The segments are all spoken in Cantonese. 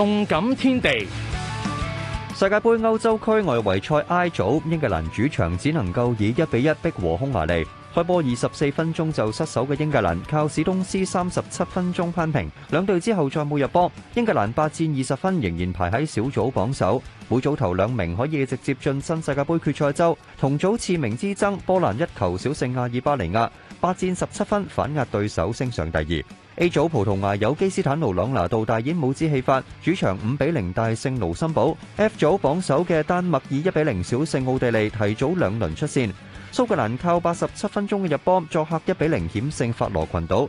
動感天地，世界杯歐洲區外圍賽 I 組，英格蘭主場只能夠以一比一逼和匈牙利。開波二十四分鐘就失手嘅英格蘭，靠史東斯三十七分鐘翻平，兩隊之後再冇入波。英格蘭八戰二十分，仍然排喺小組榜首。每組頭兩名可以直接進身世界杯決賽周。同組次名之爭，波蘭一球小勝阿爾巴尼亞，八戰十七分，反壓對手升上第二。A 組葡萄牙有基斯坦奴朗拿度大演帽子戲法，主場五比零大勝盧森堡。F 組榜首嘅丹麥以一比零小勝奧地利，提早兩輪出線。蘇格蘭靠八十七分鐘嘅入波，作客一比零險勝法羅群島。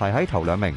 排喺頭兩名。